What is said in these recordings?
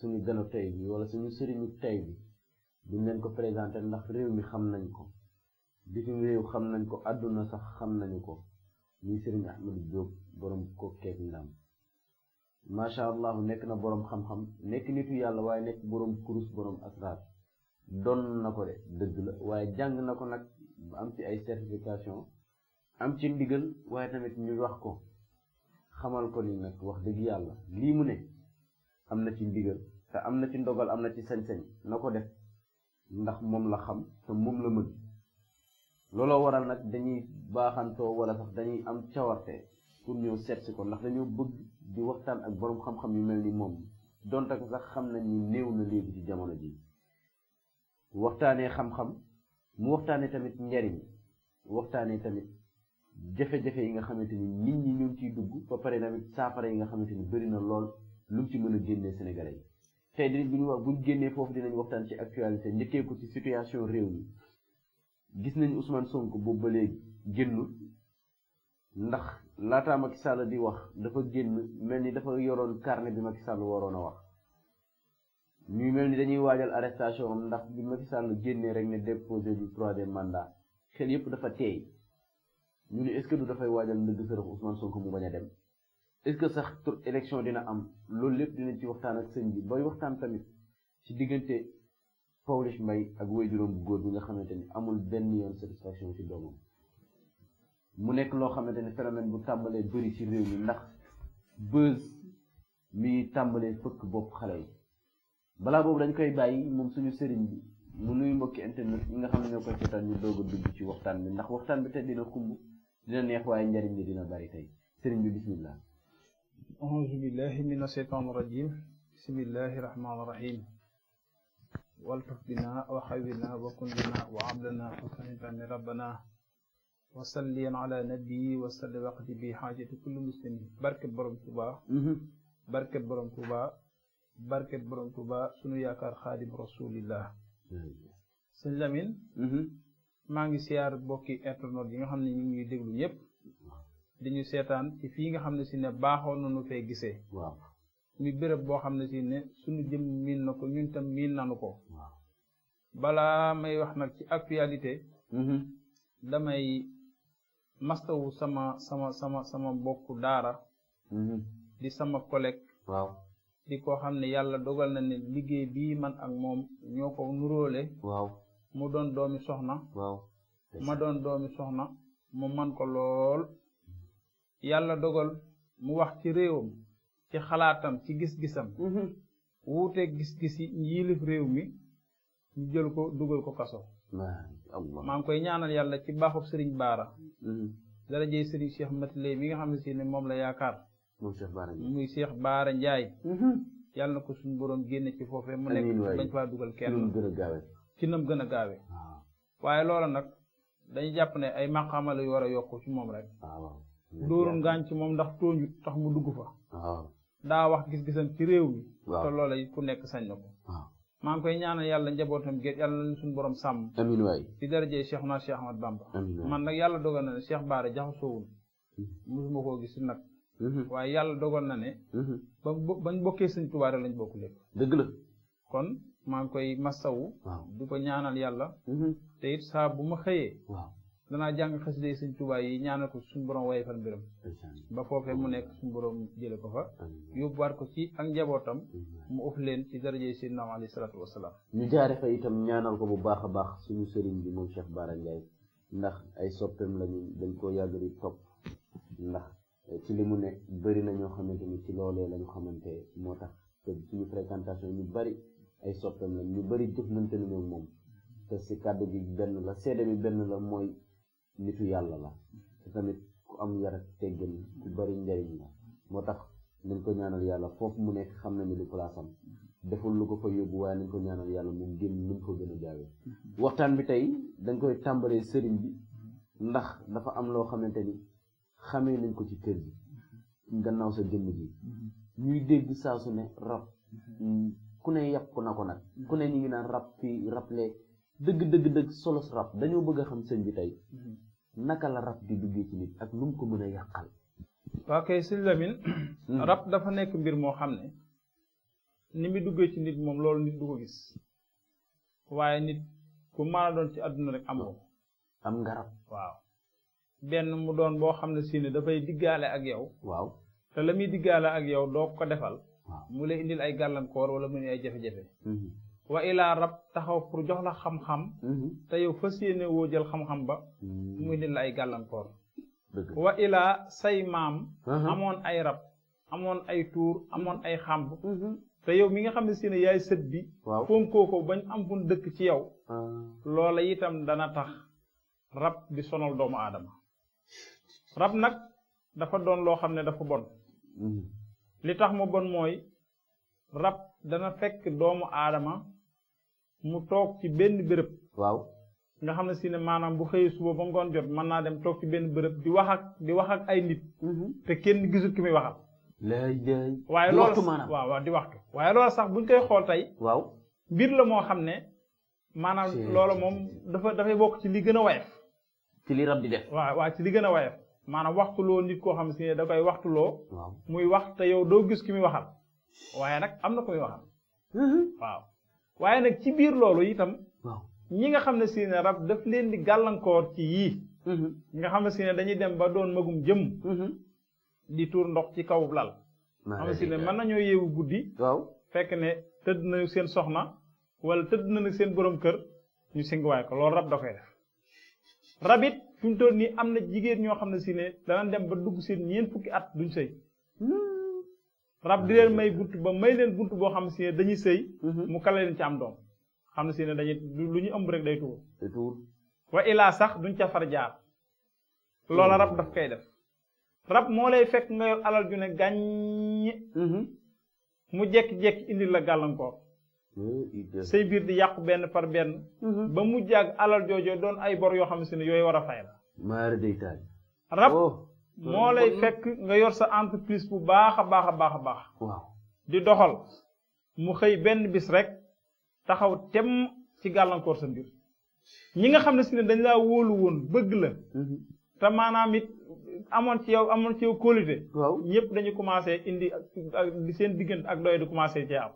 suñu gën a tey bi wala suñu sëriñu tey bi duñ leen ko présenté ndax réew mi xam nañ ko bitim réew xam nañ ko àdduna sax xam nañu ko muy sëriñ Ahmadou Diop borom kokkeeg ndam macha allah nekk na borom xam-xam nekk nitu yàlla waaye nekk borom kurus borom asraar doon na ko de dëgg la waaye jàng na ko nag am ci ay certification am ci ndigal waaye tamit ñu wax ko xamal ko ni nag wax dëgg yàlla lii mu ne. am na ci ndigal te am na ci ndogal am na ci sañ-sañ na ko def ndax moom la xam te moom la mën looloo waral nag dañuy baaxantoo wala sax dañuy am cawarte pour ñëw seet si ko ndax dañoo bëgg di waxtaan ak boroom xam-xam yu mel ni moom donte ko sax xam nañ ni néew na léegi ci jamono jii waxtaanee xam-xam mu waxtaanee tamit njariñ waxtaanee tamit jafe-jafe yi nga xamante ni nit ñi ñu ngi ciy dugg ba pare tamit saafara yi nga xamante ni bëri na lool lu mu ci mën a génnee Sénégalais yi tey dinañ bu ñu wax bu ñu génnee foofu dinañ waxtaan ci actualité njëkkee ci situation réew mi gis nañ Ousmane Sonko boobu ba léegi génnul ndax laataa Macky Sall di wax dafa génn mel ni dafa yoroon carnet bi Macky Sall waroon a wax ñuy mel ni dañuy waajal arrestation ndax bi Macky sàll génnee rek ne déposé du troisième mandat xel yépp dafa teey ñu ne est dafay waajal ndëgg sërëx Ousmane Sonko mu bañ a dem est-ce que sax élection dina am loolu lépp dina ci waxtaan ak sëñ bi bay waxtaan tamit ci diggante Pawlish Mbaye ak waajuram bu góor bi nga xamante ni amul benn yoon satisfaction ci doomam mu nekk loo xamante ni phénomène bu tàmbalee bëri ci réew mi ndax buzz mi tàmbalee fëkk bopp xale yi balaa boobu dañ koy bàyyi moom suñu sëriñ bi mu nuyu mbokki internet yi nga xam ne ñoo koy seetaan ñu doog dugg ci waxtaan bi ndax waxtaan bi te dina xumb dina waaye njariñ li dina bari tey sëriñ bi bismillah auzu billahi min asheytaan irajim bismillahi rahmaan irahim waltuf binaa wa xawwinaa wa kun binaa wa ablanaa wa fahimtani rabbanaa wa salliyan ala nabii wa salli waqti bi xaajati kulli muslimin barkeb borom Tuuba mhm. barkeb borom Tuuba barkeb borom Tuuba sunu yaakaar xaadim rasulillah mhm. sëñ Lamine mhm. maa ngi siyaar bokki internet yi nga xam ne ñu ngi ñuy déglu ñëpp di ñu seetaan ci fii nga xam ne si ne baaxoo nañu fee gisee. waaw muy boo xam ne si ne suñu jëm miin na ko ñun tam miin nañu ko. waaw balaa may wax nag ci actualité. Mm-hmm. damay mastawu sama sama sama sama bokku daara. Mm-hmm. di sama collègue. waaw di ko xam ne yàlla dogal na ne liggéey bii man ak moom ñoo ko nuróole. waaw mu doon doomi soxna. waaw ma doon doomi soxna mu man ko lool. yàlla dogal mu wax ci réewam ci xalaatam ci gis-gisam mm-hmm. wuute gis-gis yi ñu réew mi ñu jël ko dugal ko kaso maa ngi koy ñaanal yàlla ci baaxu sëriñ baara mm-hmm. darajey sëriñ Cheikh Matilay mi nga xam ne si ne moom la yaakaar muy Cheikh Baara Ndiaye mm-hmm. yàlla na ko suñu boroom génne ci foofee mu nekk bañ faa dugal kenn ci nam gën a gaawe ah. waaye loola nag dañ jàpp ne ay màqaama a yu war a yokk ci moom rek ah, dóoroon gaañ ci moom ndax tooñu tax mu dugg fa daa wax gis-gisam ci réew mi te loola ku nekk sañ na ko maa ngi koy ñaanal yàlla njabootam géej yàlla nañu suñu boroom sàmm amiin waay ci darajey Cheikh naa Cheikh Ahmad Bamba man nag yàlla dogal na ne Cheikh Baara jaxasoowul mosuma mm-hmm. koo gis nag mm-hmm. waaye yàlla dogal na ne mm-hmm. ba bañ bokkee sëñ Tuubaa lañ bokk lépp dëgg la kon maa ngi koy masawu di ko ñaanal yàlla te it saa bu ma xëyee danaa jàng xasida yi sëñ Tuubaa yi ñaanal ko suñu borom waye fan mbiram ba foofee mu nekk suñu borom jële ko fa yóbbuwaat ko ci ak njabootam mu uf leen ci daraje Seydina alayhi ñu jaare fa itam ñaanal ko bu baax a baax suñu sëriñ bi moom Cheikh Bara Ndiaye ndax ay soppeem lañu dañ koo yàgg di topp ndax ci li mu ne bëri na ñoo xamante ni ci loolee lañu xamante moo tax te suñu fréquentation ñu bari ay soppeem lañ ñu bëri jëflante nañu moom te si kàddu gi benn la seede bi benn la mooy nitu yàlla la te tamit ku am yar ak teggin ku bari njariñ la moo tax nañ ko ñaanal yàlla foofu mu nekk xam nañu li place am deful lu ko fa yóbbu waaye nañ ko ñaanal yàlla mu génn nu mu ko gën a jaawee waxtaan bi tey dañ koy tàmbalee sëriñ bi ndax dafa am loo xamante ni xame nañ ko ci kër gi gannaaw sa jëmm ji ñuy dégg saa su ne rab ku ne yàpp na ko nag ku ne ñu ngi naan rab fii rab lee dëgg dëgg dëgg solos rab dañoo bëgg a xam sëñ bi tey naka la rab di duggee ci nit ak lu mu ko mën a yàqal. waa kay sëñ Lamine. Hmm. rab dafa nekk mbir moo xam ne ni mu duggee ci nit moom loolu nit du ko gis waaye nit ku maana doon ci àdduna rek am nga rab waaw. benn mu doon boo xam ne si ne dafay diggaale ak yow. waaw te la muy diggaale ak yow doo ko defal. mu lay indil ay gàllankoor wala mu ne ay jafe-jafe. Hmm. wa ilaa rab taxaw pour jox la xam-xam. Mm-hmm. te yow fas yéene woo jël xam-xam ba. Mm-hmm. muy nit la ay gàllankoor. wa ilaa say maam. Mm-hmm. amoon ay rab amoon ay tuur amoon ay xàmb. te yow mi nga xam ne si ne yaay sët bi. waaw fonkoo ko bañ am fu dëkk ci yow. Ah. loola itam dana tax rab di sonal doomu aadama. rab nag dafa doon loo xam ne dafa bon. li tax ma bon mooy rab dana fekk doomu aadama. mu toog ci benn bërëb waaw nga xam na si ne maanaam bu xëyee suba ba ngoon jot mën naa dem toog ci benn bërëb di wax di wax ay nit. Mm-hmm. te kenn gisul ki muy waxal. waaye loolu di waxtu. waaye loolu sax buñ koy xool tey. waaw mbir la moo xam ne. maanaam loola moom dafa dafay bokk ci li gën a wayef. ci li rab di def. waaw waaw ci li gën a wayef. maanaam waxtuloo nit koo xam si ne da koy waxtuloo. muy wax te yow doo gis ki muy waxal. waaye nag am na ko muy waxal. Mm-hmm. waaw waaye nag ci biir loolu itam. ñi nga xam ne siine ne rab daf leen di gàllankoor ci yii. Mm-hmm. nga xam ne si dañuy dem ba doon magum jëm. Mm-hmm. di tuur ndox ci kaw lal. man ne si nañoo yeewu guddi. waaw fekk ne tëdd na seen soxna wala tëdd na seen borom kër ñu singuwaay ko loolu rab da koy def. rab it fi mu nii am na jigéen ñoo xam ne si ne dana dem ba dugg seen ñeent fukki at duñ sëy mm. rab di leen may bunt ba may leen bunt boo xam si ne dañuy sëy mhm. mu kale leen ci am doom xam ne si ne dañuy lu ñu ëmb rek day tuur day tuur wa ilaa sax duñ ca far jaar loola rab daf koy def rab moo lay fekk nga yor alal ju ne gàññ mhm. mu jekki-jekki indi la gàllankoor say biir di yàqu benn par benn mhm. ba mu jàgg alal joojoo doon ay bor yoo xam si ne yooyu war a fay la rab oh. Euh, moo lay fekk nga yor sa entreprise bu baax a baax a baax a baax. waaw di doxal mu xëy benn bis rek taxaw tem ci gàllankoor sa mbir. ñi nga xam ne si ne dañ laa wóolu woon bëgg la. Mhm. te maanaam it amoon ci yow amoon ci yow kóolute. waaw ñëpp dañu commencé indi ak seen diggante ak doy di commencé cee am.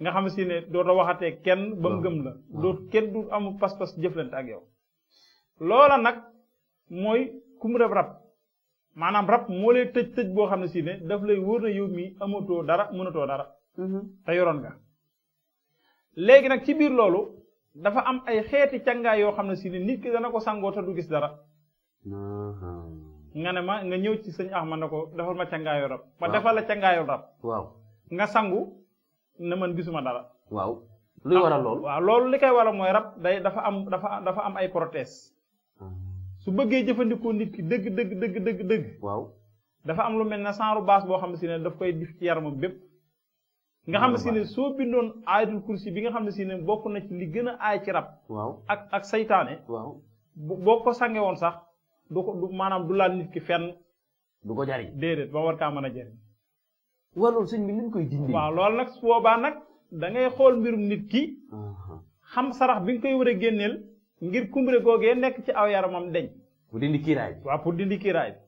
nga xam si ne dootoo waxatee kenn ba mu gëm la. doot kenn du amul pas-pas jëflante ak yow. loola nag mooy kum rab rab. maanaam rab moo lay tëj tëj boo xam ne si ne daf lay wóor na yow mii amatoo dara mënatoo dara mm-hmm. te yoroon nga léegi nag ci biir loolu dafa am ay xeeti càngaay yoo xam ne si ne nit ki dana ko sangoo te du gis dara mm-hmm. nga ne ma nga ñëw ci sëñ ma na ko defal ma càngaayu rab ma defal la càngaayu rab waaw nga sangu na man gisuma dara waaw luy waral ah, loolu waaw loolu li koy waral mooy rab day dafa am dafa dafa am ay prothèse su bëggee jëfandikoo nit ki dëgg dëgg dëgg dëgg dafa am lu mel na saaru baas boo xam ne si ne daf koy dif ci yaramam bépp. nga xam ne si ne soo bindoon aayatul kursi bi nga xam ne si ne bokk na ci li gën a aay ci rab. waaw ak ak saytaane. waaw boo ko sange woon sax du ko maanaam du laal nit ki fenn. du ko jariñ déedéet ba war kaa mën a jariñ. waaw loolu sëñ bi ni koy dindi. waaw loolu nag su boobaa nag da ngay xool mbirum nit ki. xam sarax bi nga koy war a génneel ngir kumbre googee nekk ci aw yaramam deñ pour dindi kiiraay bi pour dindi kiiraay bi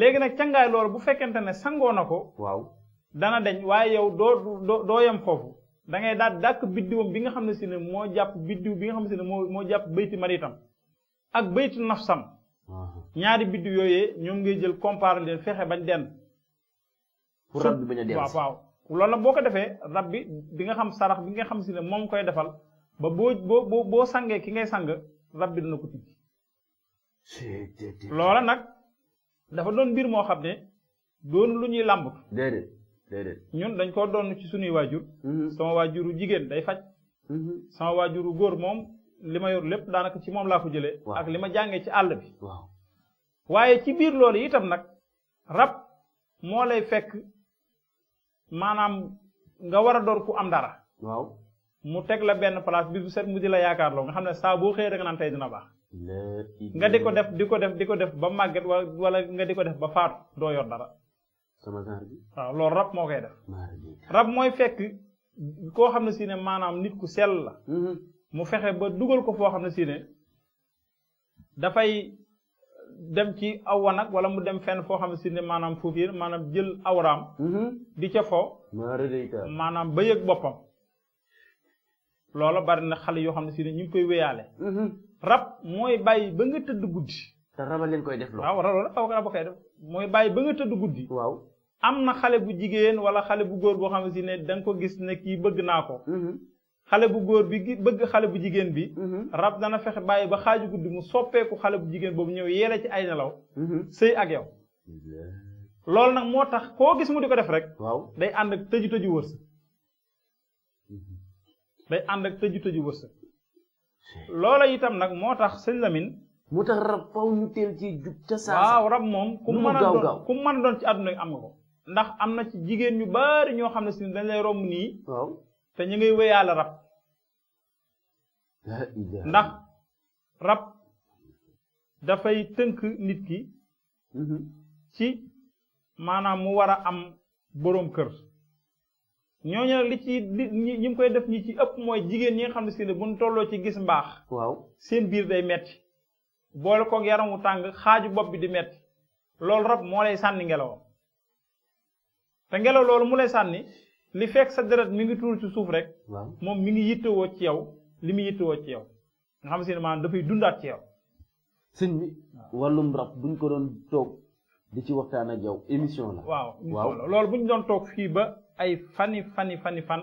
léegi nag cangaay loolu bu fekkente ne sangoo na ko waaw dana deñ waaye yow doo doo doo yam foofu dangay ngay daal dàkk biddiwam bi nga xam ne si ne moo jàpp biddiw bi nga xam ne ne moo moo jàpp bayti maritam ak baytu nafsam ñaari biddiw yooyee ñoom ngay jël comparé fexe bañ denn pour rab bi boo ko defee rab bi di nga xam sarax bi nga xam si ne moom koy defal ba boo boo boo sangee ki ngay sang rab bi dana ko tijji loola nag dafa doon mbir moo xam ne doon lu ñuy làmb déedéet ñun dañ koo doon ci sunuy waajur mm-hmm. sama waajuru jigéen day faj mm-hmm. sama waajuru góor moom li ma yor lépp daanaka ci moom laa fa jëlee ak li ma jàngee ci àll bi waaye ci biir loolu itam nag rab moo lay fekk maanaam nga war a door ku am dara waaw mu teg la benn place bis bu set mu di la yaakaar loo nga xam ne saa boo xëyee da nga tey dina baax nga di ko def di ko def di ko def ba màgget wala wala nga di ko def ba faatu doo yor dara. loolu rab moo koy def. rab mooy fekk koo xam ne si ne maanaam nit ku sell la. Mm-hmm. mu fexe ba dugal ko foo xam ne si ne dafay dem ci aw wanag wala mu dem fenn foo xam ne si ne maanaam foofu maanaam jël awraam. bi mm-hmm. ca fo. maanaam ba yëg boppam. loolo bari na xale yoo xam ne si ne ñu ngi koy wéyaale. Mm-hmm. rab mooy bàyyi ba nga tëdd guddi. te koy def loolu. waaw raba mooy bàyyi ba nga tëdd guddi. waaw am na xale bu jigéen wala xale bu góor boo xam si ne danga ko gis ne kii bëgg naa ko. Mm-hmm. xale bu góor bi gi bëgg xale bu jigéen bi. Mm-hmm. rab dana fexe bàyyi ba xaaju guddi mu soppeeku xale bu jigéen boobu ñëw yeele ci ay nelaw. Mm-hmm. sëy ak yow. loolu nag moo tax koo gis mu di ko def rek. waaw day ànd ak tëju tëju wërsëg. day ànd ak tëju tëju wërsëg. loola itam nag moo tax sëñ Lamine moo tax rab faw ñu teel ci jub ca saa waaw rab moom ku mën doon ci àdduna yi am nga ko ndax am na ci jigéen ñu bari ñoo xam na si dañ lay romb nii te ñu ngay wéyaale rab ndax rab dafay tënk nit ki mhm. ci maanaam mu war a am boroom kër ñooñu nag li ci li ñi koy def ñi ci ëpp mooy jigéen ñi nga xam ne si ne buñ tolloo ci gis mbaax. waaw seen biir day metti boole koog yaramu tàng xaaju bopp bi di metti loolu rab moo sànni ngelaw te ngelaw loolu mu lay sànni li fekk sa deret mi ngi tuur ci suuf rek. moom mi ngi yittewoo ci yow li mu yittewoo ci yow nga xam si ne maanaam dafay dundaat ci yow. sëñ bi wàllum rab buñ ko doon toog di ci waxtaan a yow émission la. waaw doon toog fii ba. ay fani fani fani fan.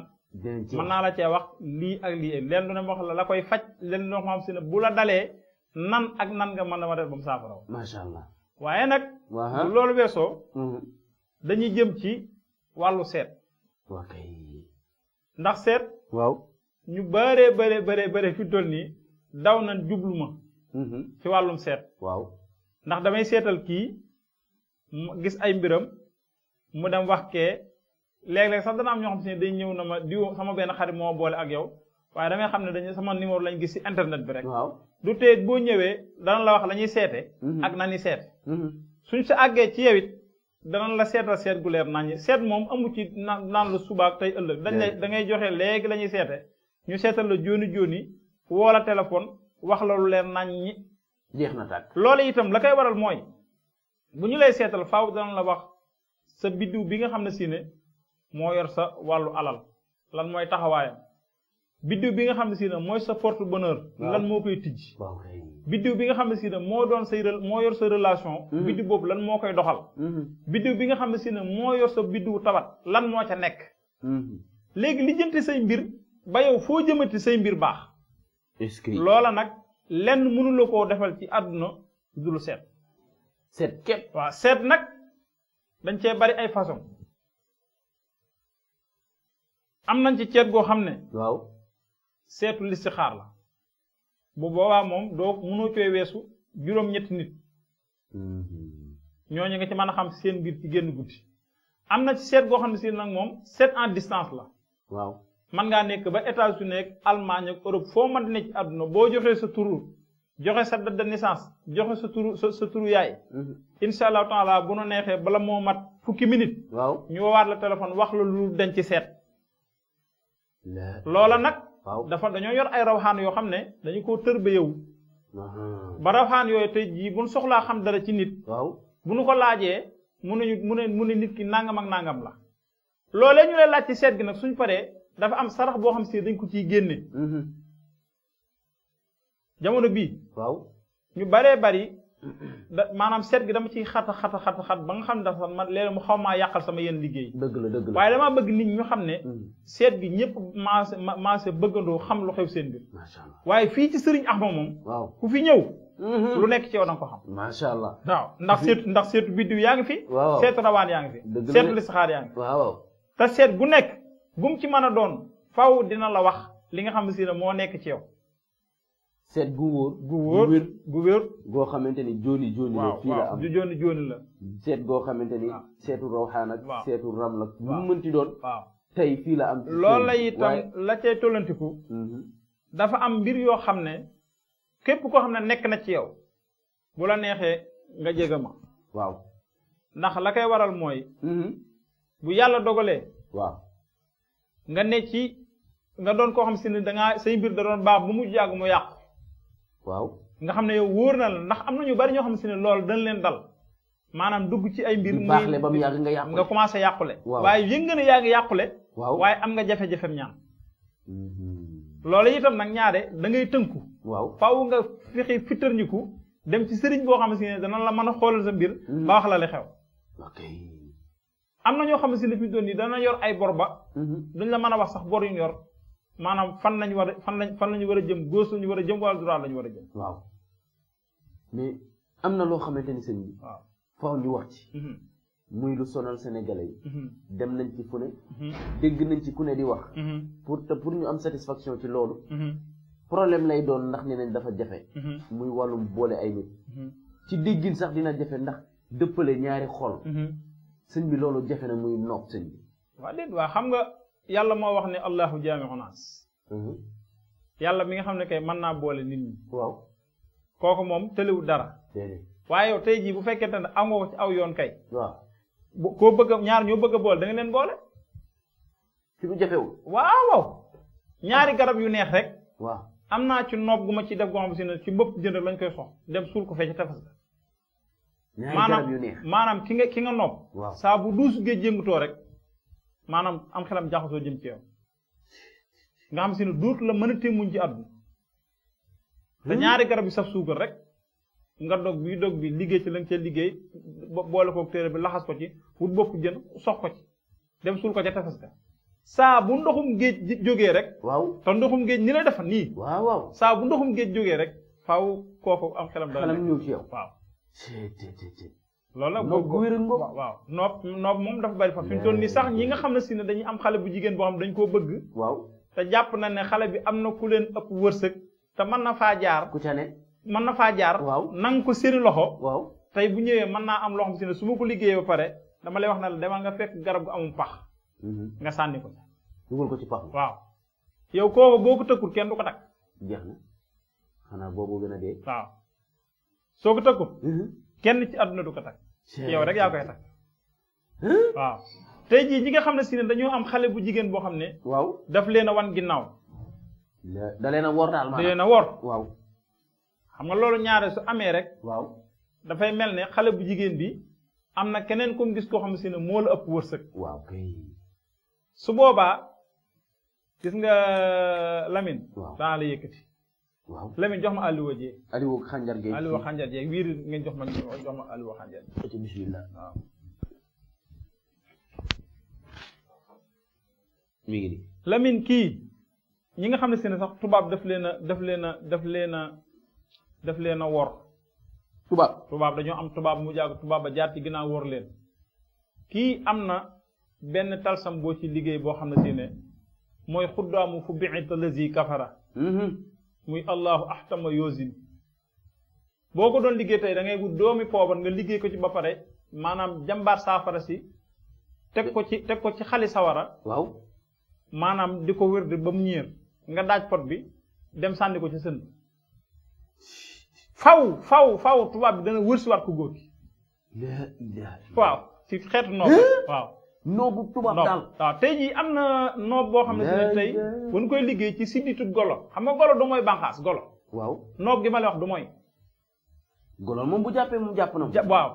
mën naa la cee wax lii ak lii leen lu ne wax la la koy faj leen loo xam si ne bu la dalee nan ak nan nga mën dama def ba mu saafara. allah waaye nag. bu loolu weesoo. Mm-hmm. dañuy jëm ci wàllu seet. ndax seet. waaw ñu bëree bëree bëree fi toll nii daw na jublu ma. Mm-hmm. ci wàllum seet. waaw ndax damay seetal kii gis ay mbiram mu dem wax kee léeg-léeg sax dana am ñoo xam ne day ñëw na ma diw sama benn xarit moo boole ak yow waaye damay xam ne dañu sama numéro lañ gis si internet bi rek. waaw du tee boo ñëwee dana la wax la ñuy seete. Mhm. ak na ñuy seet. Mhm. suñ sa àggee ci yow it danañ la seetal seet gu leer nañu seet moom amu ci naan naan la tey ëllëg. dañ lay da ngay joxe léegi la ñuy seete ñu seetal la jooni jooni woo la téléphone wax la lu leer naññi. jeex na tàkk loolu itam la koy waral mooy bu ñu lay seetal faw danañ la wax sa biddiw bi nga xam ne si moo yor sa wàllu alal lan mooy taxawaayam biddiw bi nga xam ne si ne mooy sa porte bonheur lan moo koy tijj biddiw bi nga xam si ne moo doon say moo yor sa relation hmm. biddiw boobu lan moo koy doxal hmm. biddiw bi nga xam ne si ne moo yor sa biddiw tawat lan moo ca nekk hmm. léegi lijjanti say mbir ba yow foo jëmati say mbir baax loola nag lenn mënula koo defal ci àdduna dul seet seet képp waaw seet nag dañ cee bari ay façon am nañ ci ceet goo xam ne. waaw seetu xaar la bu boobaa moom doo mënoo cooy weesu juróom-ñetti nit. Mm-hmm. ñooñu nga ci mën a xam seen mbir ci génn guddi. am na ci seet goo xam ne si nag moom seet en distance la. waaw mën ngaa nekk ba États-Unis ak Allemagne ak Europe foo man ne àdduna boo joxee sa turu joxe sa date de joxe sa turu sa sa turu yaay. Mm-hmm. incha allahu la bu nu neexee bala moo mat fukki minute. waaw ñu woowaat la téléphone wax la lu ci seet. loola nag dafa dañoo yor ay rawxaan yoo xam ne dañu koo tërbe yow ba rawxaan yooyu tey jii buñ soxlaa xam dara ci nit bu nu ko laajee mu ne mu ne mu ne nit ki nangam ak nangam la loolee ñu lay laaj ci seet gi nag suñ paree dafa am sarax boo xam si dañ ko ciy génne mhm. jamono bii waaw ñu baree bari da maanaam seet gi dama ciy xat a xat xat xat ba nga xam ne dafa man léeg mu xaw maa yàqal sama yenn liggéey. dëgg la dëgg la waaye bëgg nit ñu xam ne. Mm. seet gi ñëpp maase maase bëggandoo xam lu xew waaye fii ci Serigne Axma moom. ku fi ñëw. Mm-hmm. lu nekk ci yow da ko macha allah waaw ndax seetu ndax seetu biddiw yaa ngi fi. waaw yaa ngi fi. dëgg la seetu listixaar yaa ngi fi. waaw te seet gu nekk gum ci mën a doon faaw dina la wax li nga xam si moo nekk ci yow seet gu wóor. gu wóor gu wér goo xamante ni jooni jooni la. fii la am waaw jooni jooni la. seet goo xamante ni. seetu rawxaan ak. seetu ram la bu mu mënti doon. waaw tey fii la am. loolu la itam la cay tollantiku. Mhm. dafa am mbir yoo xam ne. képp koo xam ne nekk na ci yow. bu la neexee nga jégga waaw ndax la koy waral mooy. Mhm. bu yàlla dogalee. waaw nga ne ci nga doon koo xam si ne danga say mbir da doon baax bu mujj yàgg mu yàq. waaw nga xam ne yow wóor na la ndax am na ñu bari ñoo xam si ne lool dañ leen dal maanaam dugg ci ay mbir mu baaxle ba mu yàgg nga yàqule nga commencé yàqule waaye yëg nga ne yàqule waaw waaye am nga jafe-jafem ñaan mm-hmm. loolu itam nag ñaare da ngay tënku waaw faaw nga fexe fitarñiku dem ci sëriñ boo xam si ne dana la mën a xoolal sa mbir mm-hmm. ba wax la li xew am na ñoo xam si ne fi doon nii dana yor ay bor ba mm-hmm. duñ la mën a wax sax bor yu ñu yor maanaam fan lañ war a fan lañ fan lañ war a jëm gauche lañ war a jëm wala droit lañ war a jëm. waaw mais am na loo xamante ni sëñ bi. waaw faaw ñu wax ci. Mhm. muy lu sonal sénégalais yi. Mhm. dem nañ ci fu ne. Mhm. dégg nañ ci ku ne di wax. pour te pour ñu am satisfaction ci loolu. problème lay doon ndax nee nañ dafa jafe. muy wàllum boole ay nit. ci déggin sax dina jafe ndax dëppale ñaari xol. sëñ bi loolu jafe na muy noog sëñ bi. waa déet waa xam nga. yàlla moo wax ne allahu jaamiu naas mhm. yàlla mi nga xam ne kay mën naa boole nit ñi kooku moom tëliwul dara waaye tey jii bu fekkente ne amoo ci aw yoon kay waaw koo bëgg ñaar bëgg a da leen boole ci lu jafewul waaw garab yu neex rek waaw am naa ci noob gu ma ci def goo si ne ci mbëpp jënd lañ koy sox dem suul ko fee ci tefes ga maanaam ki nga noob saa bu duus géej yëngutoo rek maanaam am xelam jaxasoo jëm ci nga xam si ne duut la mën a téemuñ ci àdduna te hmm? ñaari garab yi saf suukar rek nga dog bi dog bi liggéey ci la nga cee liggéey boole koog téere bi laxas ko ci wut bopp jën sox ko ci dem suul ko ca tefes ga saa bu ndoxum géej jógee rek waaw te ndoxum géej ni la defa nii waaw waaw saa bu ndoxum géej jógee rek faaw kooku am xelam daal xelam ñëw waaw loolu nag boobu wér waaw noob noob moom dafa bari fa fi mu nii sax ñi nga xam ne si ne dañuy am xale bu jigéen boo xam dañ koo bëgg waaw te jàpp na ne xale bi am na ku leen ëpp wërsëg te mën na faa jaar ku ca mën na faa jaar waaw nang ko seeni loxo waaw tey bu ñëwee mën naa am loxo xam si su ma ko liggéeyee ba pare dama lay wax na la demal nga fekk garab gu amul pax mhm. nga sànni ko dugal ko ci pax waaw yow kooku boo ku tëkkul kenn du ko takk na xanaa boobu gën a soo ko tëkkul mhm. kenn ci àdduna du ko takk yow rek yaa koy takk waaw tey jii ñi nga xam ne si ne dañoo am xale bu jigéen boo xam ne waaw daf leen a wan ginnaaw da leen a wor daal maanaam da leen a wor waaw xam nga loolu ñaare su amee rek waaw dafay mel ne xale bu jigéen bi am na keneen ku mu gis koo xam ne si ne moo la ëpp wërsëg waaw su boobaa gis nga Lamine dana la yëkkati waaw Lamine jox ma Aliou Dieng. Aliou Xanjar Dieng Aliou Xanjar Dieng wiir ngeen jox ma jox ma Aliou Xanjar Dieng. bisimilah waaw. mi kii ñi nga xam ne seen sax tubaab daf leen a daf leen a daf leen a daf leen a wor. tubaab tubaab dañoo am tubaab mu jaagu tubaab ba jaar ci ginnaaw wor leen. kii am na benn talsam boo ci liggéey boo xam ne si mooy xuddaamu fu bi'ita lazi kafara. Mhm. muy allahu ahtama yosin boo ko doon liggéey tey da ngay wut doomi poobar nga liggéey ko ci ba pare maanaam jàmbaar saafara si teg ko ci teg ko ci xali sawara waaw maanaam di ko wér de ba mu ñëer nga daaj pot bi dem sànni ko ci sën faw faw faw tubaab bi dana wër siwaat ko góor gi waaw ci xeetu noonu waaw noobu tubaab daal tey jii am na noob boo xam ne ne tey buñ koy liggéey ci sidditu golo xam nga golo du mooy banqaas golo waaw noob gi ma la wax du mooy golo moom bu jàppee moom jàpp na moom waaw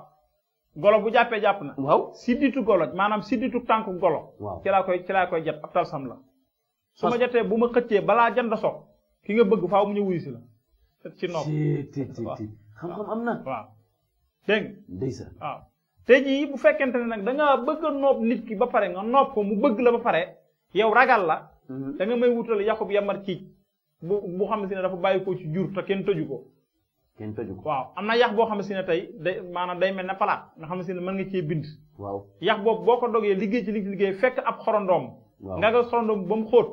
golo bu jàppee jàpp na waaw sidditu golo maanaam sidditu tànk golo waaw ci laa koy ci laa koy jot la su ma jotee bu ma xëccee balaa jant sox ki nga bëgg faaw mu ñëw wuyu si la ci noob xam-xam am na waaw waaw tey jii bu fekkente ne nag da ngaa bëgg a noob nit ki ba pare nga noob ko mu bëgg la ba pare yow ragal la. Mhm. da nga may wutal Yakub yamar ciic bu bu xam si ne dafa bàyyi ko ci jur te kenn tëju ko. kenn tëju ko waaw am na yax boo xam si ne tey day maanaam day mel ne palaat nga xam si ne mën nga cee bind. waaw yax boobu boo ko dogee liggéey ci liggéey fekk ab xorondoom. nga nga xorondoom ba mu xóot.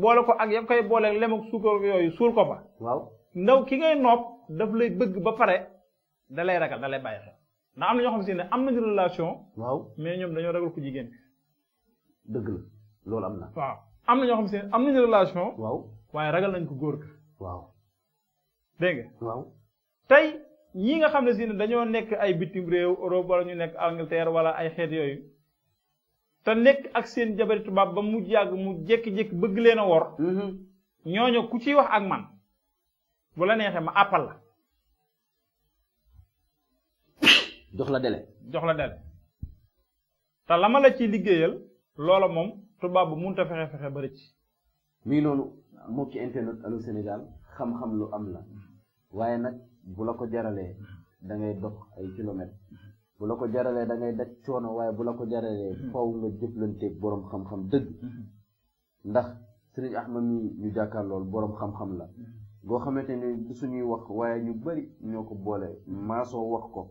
boole ko ak ya koy boole lem ak suukar yooyu suul ko fa. waaw ndaw ki ngay noob daf lay bëgg ba pare da lay ragal da lay bàyyi ndax am na ñoo xam si ne am nañu relation. waaw mais ñoom dañoo ragal ku jigéen. dëgg la loolu am na. waaw am na ñoo xam si ne am ñu relation. waaw waaye ragal nañ ko góor ka. waaw dégg nga. waaw tey ñi nga xam ne si ne dañoo nekk ay bitim réew Europe wala ñu nekk Angleterre wala ay xeet yooyu te nekk ak seen jabari tubaab ba mu yàgg mu jékki-jékki bëgg leen a wor. Mm-hmm. ñooñu ku ci wax ak man bu neexee ma àppal jox la délai. jox la délai te la la ciy liggéeyal loola moom tubaab bu mënut a fexe fexe ba rëcc. mi ngi noonu mbokki internet Allô Sénégal xam-xam lu am la waaye nag bu la ko jaralee dangay ngay ay kilomètres bu la ko jaralee da ngay daj coono waaye bu la ko jaralee faw nga jëflanteeg boroom xam-xam dëgg mm-hmm. ndax Sëriñ Ahmad mi ñu jàkkaar lool boroom xam-xam la. goo xamante ne du suñuy wax waaye ñu bari ñoo ko boole maasoo wax ko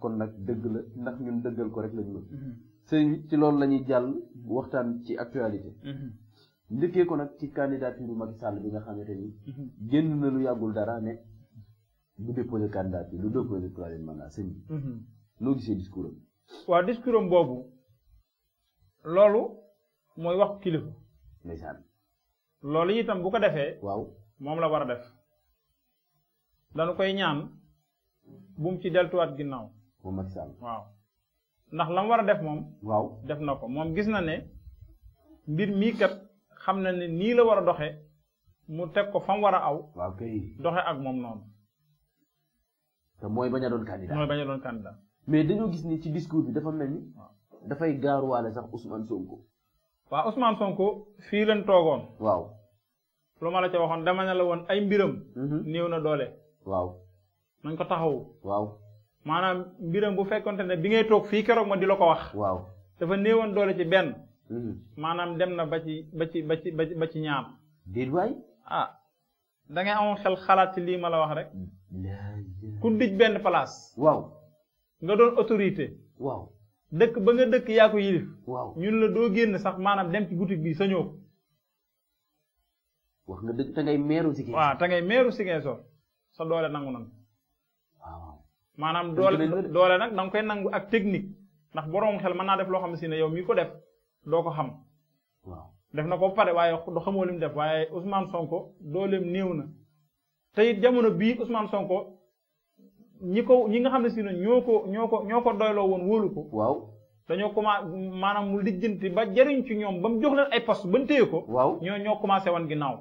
kon nag dëgg la ndax ñun dëggal ko rek lañ mën mm-hmm. sëriñ ci loolu lañuy ñuy jàll waxtaan ci actualité mm-hmm. njëkkee ko nag ci candidature Macky sàll bi nga xamante ni mm-hmm. génn na lu yàggul dara ne du déposé candidature du déposé troisième mandat sëriñ bi noo gisee discours am waaw discours am boobu loolu mooy wax kilifa loolu loolu itam bu ko defee waaw moom la war a def dañu koy ñaan bu ci deltuwaat ginnaaw. moom Macky Sall waaw. ndax la mu war a def moom. waaw def na ko moom gis na ne mbir mii kat xam na ne nii la war a doxee mu teg ko fa mu war a aw. waaw doxe ak moom noonu. te mooy bañ doon candidat mooy a doon mais dañoo gis nii ci discours bi dafa mel ni. dafay gaaruwaale sax Ousmane Sonko. waaw Ousmane Sonko fii leen toogoon. waaw. lu ma la ca waxoon dama ne la woon ay mbiram. Mhm. néew na doole. waaw nañ ko taxaw waaw maanaam mbiram bu fekkonte ne bi ngay toog fii keroog ma di la ko wax waaw dafa néewoon doole ci benn mm-hmm. maanaam dem na ba ci ba ci ba ci ba ci ñaar déet waay ah da xel xalaat ci lii ma la wax rek ku dij benn place waaw nga doon autorité waaw dëkk ba nga dëkk yaaku ko yilif waaw ñun la doo génn sax maanaam dem ci boutique bii sañoo ko wax nga dëgg te ngay meeru Ziguinchor waaw te sa doole nangu nan waaw maanaam doole nag dang koy nangu ak technique ndax borom xel mën naa def loo xam si ne yow mi ko def doo ko xam waaw def na ko pare waaye du xamoo li mu def waaye Ousmane Sonko dooleem néew na te it jamono bii Ousmane Sonko ñi ko ñi nga xam ne si ne ñoo ko ñoo ko ñoo ko doyloo woon wóolu ko. waaw dañoo commencé maanaam mu lijjanti ba jariñ ci ñoom ba mu jox leen ay poste ba mu téye ko. waaw ñoo ñoo commencé wan ginnaaw.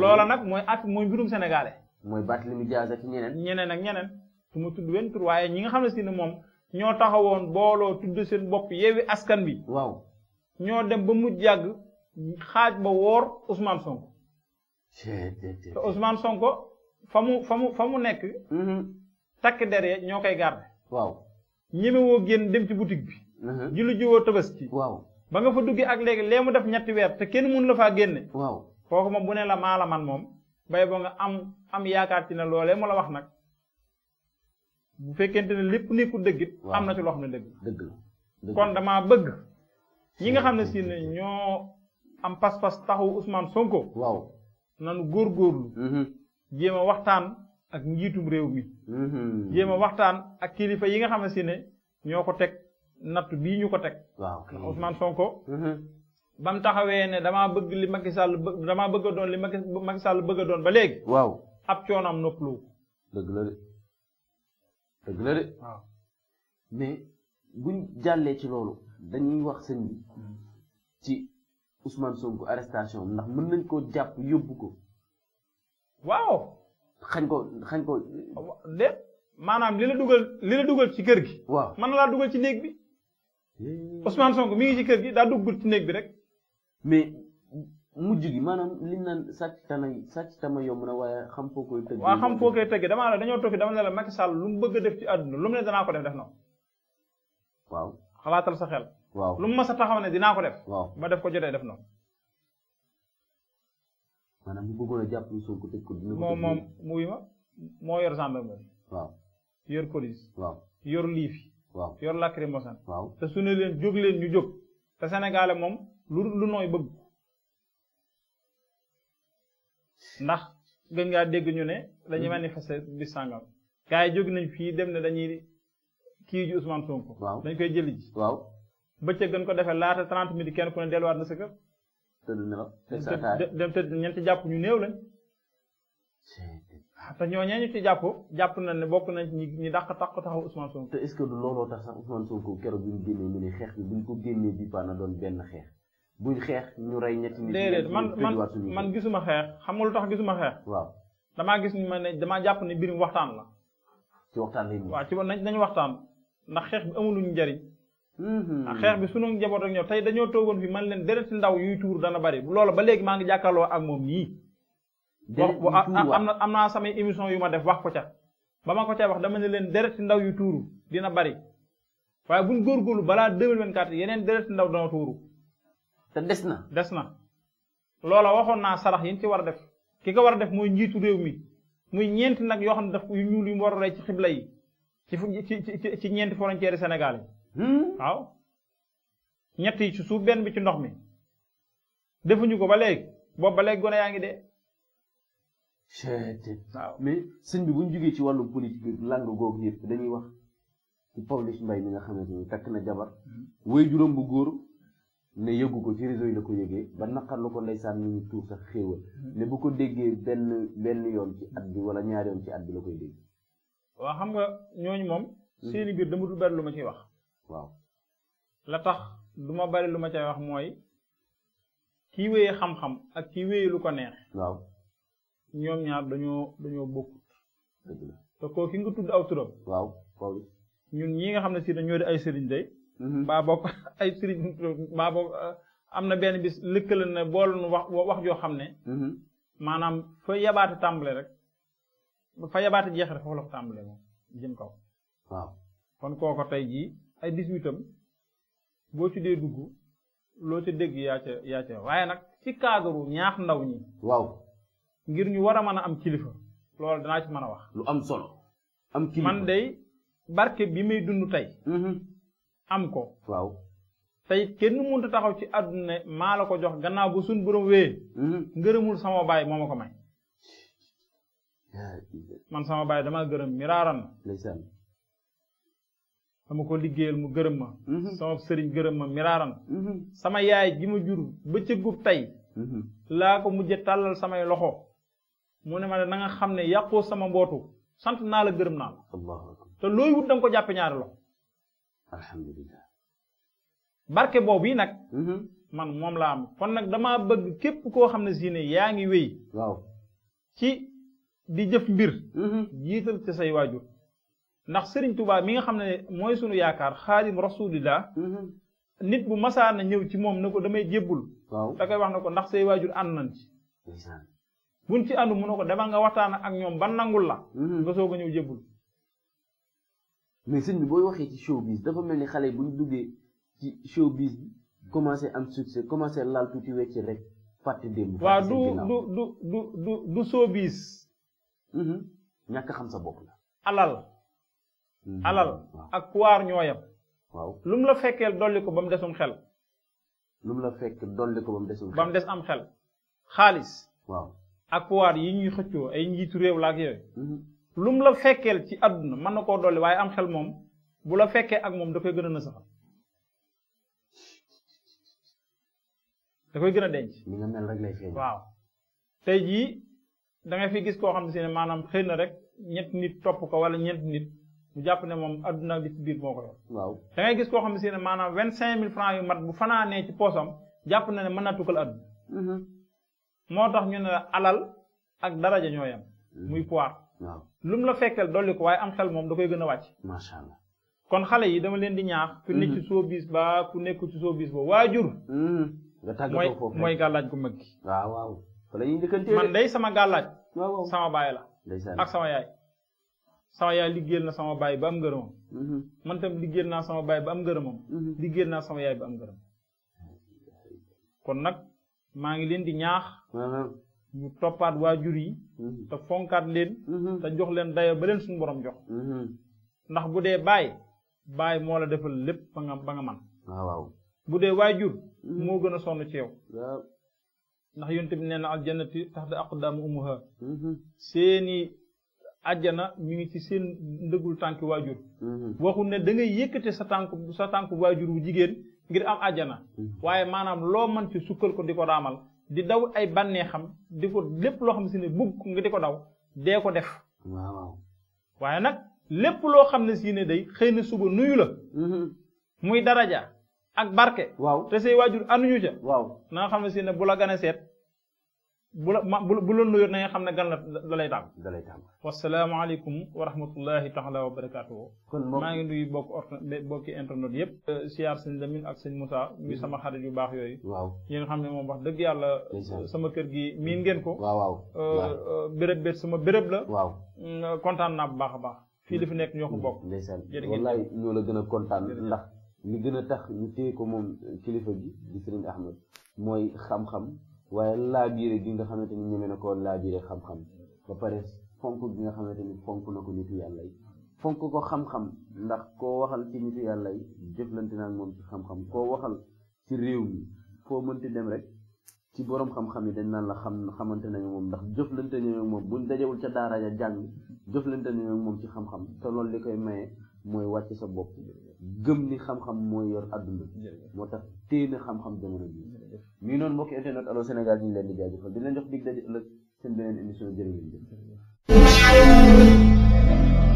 loola nag mooy at mooy mbirum sénégalais. mooy Barthélémy Dias ak ñeneen. ñeneen ak ñeneen su tudd wenn tur waaye ñi nga xam ne si ne moom ñoo taxawoon booloo tudd seen bopp yeewi askan bi. waaw ñoo dem ba mu jàgg xaaj ba woor usmaan Sonko. te Sonko fa mu fa mu fa mu nekk. Mm-hmm. takk derrière ñoo koy garder. waaw ñemewoo génn dem ci boutique bi. Mm-hmm. julli jiwoo tabaski. waaw ba nga fa duggee ak léegi lee mu def ñetti weer te kenn mënu la faa génne. waaw kooku moom bu ne la maala man moom. bay boo nga am am yaakaar ci ne loole moo la wax nag bu fekkente ne lépp nekkul dëggit am na ci loo xam ne dëgg dëgg kon damaa bëgg ñi nga xam ne si ñoo am pas-pas taxu Ousmane Sonko waaw nanu góorgóorlu mhm. jéem a waxtaan ak njiitum réew mi mhm. jéem a waxtaan ak kilifa yi nga xam ne si ñoo ko teg natt bii ñu ko teg waaw Ousmane Sonko mhm. ban mu taxawee ne damaa bëgg li Macky Sall damaa bëgg doon li Macky Sall bëgg a doon ba léegi. waaw ab coonoom noppalu. dëgg la de dëgg de. mais buñ jàllee ci loolu dañuy wax sëñ bi hmm. ci Ousmane Sonko arrestation ndax mën nañ koo jàpp yóbbu ko. waaw. xañ ko xañ ko. de maanaam li la dugal li ci kër gi. waaw mën na laa dugal ci néeg bi. Eh. Ousmane Sonko mi ci kër gi daa dugg ci néeg bi rek. mais mujj gi maanaam liñ naan sàcc tana sàcc tama yomb na waaye xam foo koy tëgg waaw xam damaa la dañoo toog dama ne la Macky Sall lu mu a def ci àdduna lu mu ne ko def def na waaw xalaatal sa xel waaw lu mu mas taxaw ne dinaa ko def waaw ba def ko jotee def na maanaam bu bëggoon a jàpp lu Sonko tëj ko dina ko moom moom muy ma moo yor gendarmerie waaw yor police yor liifi waaw yor lacrymogène leen jóg ñu jóg te Sénégal moom lu lu nooy bëgg ndax gën ngaa dégg ñu ne dañuy hmm. manifester bis sàngam gars yi jóg nañ fii dem ne dañuy kii ji Ousmane Sonko. waaw dañ koy jëli ji. waaw bëccëg gën ko defee laata 30 minutes kenn ku ne delluwaat na sa kër. tëdd na dem tëdd ñeenti jàpp ñu new lañ. Ah, te ñooñee ñu ci jàpp jàpp nañ ne bokk nañ ñi ñi dàq tax taxaw Ousmane Sonko. te est ce que looloo tax sax Ousmane Sonko keroog bi ñu génnee ñu ne xeex bi buñ ko génnee bi paana doon benn xeex buñ xeex ñu rey ñetti nit. déedéet man gisuma xeex xam lu tax gisuma xeex. waaw damaa gis ni ma ne damaa jàpp ne biir waxtaan la. ci waxtaan lay waaw ci nañ waxtaan ndax xeex bi amul luñu njariñ. Hmm. Ah, xeex bi sunu njaboot ak ñoom tey dañoo toogoon fi man leen deret ci ndaw yuy tuur dana bari loola ba léegi maa ngi jàkkaarloo ak moom wax am na am naa samay émission yu ma def wax ko ca ba ma ko ca wax dama ne leen deret ci ndaw yu tuuru dina bari waaye góor góorgóorlu balaa 2024 yeneen deret ci ndaw dana tuuru. te des na des na. loola waxoon naa sarax yi ñu ci war a def ki ko war a def mooy njiitu réew mi muy ñeenti nag yoo xam ne daf yu ñuul yu mu war a rey ci xibla yi ci ci ci ñeenti frontière Sénégal yi. Hmm? waaw ñett suuf benn bi ci ndox mi. defuñu ko ba léegi boobu ba léegi gone yaa ngi de waaw mais sëñ bi bu ñu ci wàllu politique bi làng googu yëpp dañuy wax ci Pawlish Mbaye mi nga xamante ni takk na jabar hmm. wéy juróom bu góor ne yëgu ko ci réseau yi la ko yëgee ba naqar la ko ndeysaan ñu ñu tuur sax xéewal hmm. ne bu ko déggee benn benn yoon ci at bi wala ñaar yoon ci at bi la koy dégg waaw xam nga ñooñu moom hmm. seeni biir dama dul bari lu ma ciy wax waaw la tax du ma bari lu ma cay wax mooy kii wéyee xam-xam ak kii wéyee lu ko neex ñoom ñaar dañoo dañoo bokkut. te koo nga tudd aw turam. waaw Pawlish. ñi nga xam ne si dañoo di ay sëriñ tey. Mm-hmm. mbaa boog ay sëriñ mbaa uh, am na benn bis lëkkale na bool nu wax wax joo xam ne. Mm-hmm. maanaam fa yabaate tàmbale rek fa yabaate jeex rek foofu la ko tàmbale moom jëm kaw. kon kooko tey ji ay 18 boo ci dee dugg loo ci dégg yaa ca waaye nag ci cadre ñaax ndaw ñi. waaw. ngir ñu war a mën a am kilifa loolu danaa ci mën a wax. lu am solo am kilifa man day barke bi may dund tey. Mm-hmm. am ko. tey kenn mënut taxaw ci àdduna maa la ko jox gannaaw bu suñ borom wee. Mm-hmm. ngërëmul sama baay moo ko may. man sama baay damaa gërëm miraaran. ndeysaan. sama ko liggéeyal mu gërëm ma. Mm-hmm. sama sëriñ gërëm ma miraaran. sama yaay ji ma jur bëccëgub tey. laa ko mujjee tàllal samay loxo. mu ne ma ne na xam ne yàqoo sama mbootu sant naa la gërëm naa te looy wut da ko jàppe ñaari loxo alhamdulilah barke boobu yi nag mm-hmm. man moom laa am kon nag damaa bëgg képp koo xam ne si ne yaa ngi wéy waaw ci di jëf mbir mm-hmm. jiital ci say waajur ndax Serigne Touba mi nga xam ne mooy sunu yaakaar xaadim rasulillah mm-hmm. nit bu masaana ñëw ci moom na ko damay jébbul da koy wax ne ko ndax say waajur ànd na ci buñ ci àndu mu ne ko demaa nga waxtaan ak ñoom ba nangul la. Mm-hmm. nga soog a ñëw jébbul. mais sëñ bi booy waxee ci showbiz dafa mel ni xale buñ duggee ci showbiz bi commencé am succès commencé laal tuuti wecc rek fàtte démb. waaw du du du du du du showbiz. Mm-hmm. ñàkk xam sa bopp la. alal. Mm-hmm. alal ak pouvoir ñooyam. waaw lu mu la fekkeel dolli ko ba mu desum xel. lu mu la fekk dolli ko ba mu desum xel. ba mu des am xel xaalis. waaw. ak pouvoir yi ñuy xëccoo ay njiitu réew la ak yooyu mm-hmm. lu mu la fekkeel ci àdduna mën na koo dolli waaye am xel moom bu la fekkee ak moom da koy gën a nasaxal da koy gën a denc ni nga mel rek lay feeñ waaw tey jii da nga fi gis koo xam ne ne maanaam xëy na rek ñett nit topp ko wala ñeent nit mu jàpp ne moom àdduna li ci biir moo ko yor waaw gis koo xam ne ne maanaam vingt cinq mille francs yu mat bu fanaanee ci poosam jàpp na ne mën naa tukkal àdduna mm-hmm. moo tax ñu ne alal ak daraja ñoo yem muy poir waaw la fekkeel dolli ko waaye am xel moom da koy gën a wàcc macha allah kon xale yi dama leen di ñaax ku nekk ci mhm. showbiz ba ku nekk ci showbiz ba waajur mhm. nga tàggatoo foofu mooy gàllaaj gu mag gi waaw waaw fa la ñuy man day sama gàllaaj sama baay la ak sama yaay sama yaay liggéeyal na sama baay ba am ngërëmam mhm. man tam naa sama baay ba am ngërëmam liggéeyal naa sama yaay ba am ngërëm kon nag maa ngi leen di ñaax ñu toppaat waajur yi hmm. te fonkaat leen hmm. te jox leen dayo ba leen suñu boroom jox hmm. ndax bu dee baay baay moo la defal lépp ba nga ba man ah, waaw bu dee waajur moo gën a sonn ci yow ndax yonte bi nee na aljannati taxta aqdaamu umuha seeni ajjana mi ngi ci seen ndëgul tànki waajur waxul ne da ngay yëkkate sa tànk sa tànk waajur wu jigéen ngir am àjjana mm-hmm. waaye maanaam loo mën ci sukkal ko di ko daamal di daw ay bànnee xam di ko lépp loo xam si ne bugg nga di ko daw dee ko def waaye nag lépp loo xam ne si ne day xëy na suba nuyu la mm-hmm. muy daraja ak barke waaw te say waajur anuñu ca naa xam ne si ne bu la gën a seet bu la ma bu la na nga xam ne gan la da lay tàmm. da lay tàmm wasalaamaaleykum wa rahmatullahi taala wa barakaatu. kon maa ngi nuyu bokk orta bokki internet yëpp. Euh, siyaar sëñ Lamine ak sëñ Moussa muy sama mm-hmm. xarit yu baax yooyu. waaw yi nga xam ne moom wax dëgg yàlla. sama kër gi miin ngeen ko. waaw waaw euh, euh, béréb bi sama béréb la. waaw mm, kontaan naa bu baax a baax. fii li fi nekk ñoo ko bokk. Mm-hmm. ndeysaan wallaay ñoo la gën a kontaan ndax. li gën a tax ñu téye ko moom kilifa gi di Serigne Ahmed mooy xam-xam. waaye laabiire gi nga xamante ni ñeme na koo laabiire xam-xam ba pare fonk bi nga xamante ni fonk na ko nitu yàlla yi fonk ko xam-xam ndax koo waxal ci nitu yàlla yi jëflante naa moom ci xam-xam koo waxal ci réew mi foo mënti dem rek ci boroom xam-xam yi dañ naan la xam xamante nañu moom ndax jëflante nañu moom buñ dajewul ca daara ja jàng jëflante nañu moom ci xam-xam te loolu li koy maye mooy wàcc sa bopp gëm ni xam-xam mooy yor adduna moo tax téena xam-xam jamono bii mii noonu mbokki internet Allô Sénégal ñu ngi leen di jaajëfal di leen jox dig daje ëllëg seen beneen émission jërë ngeen jëf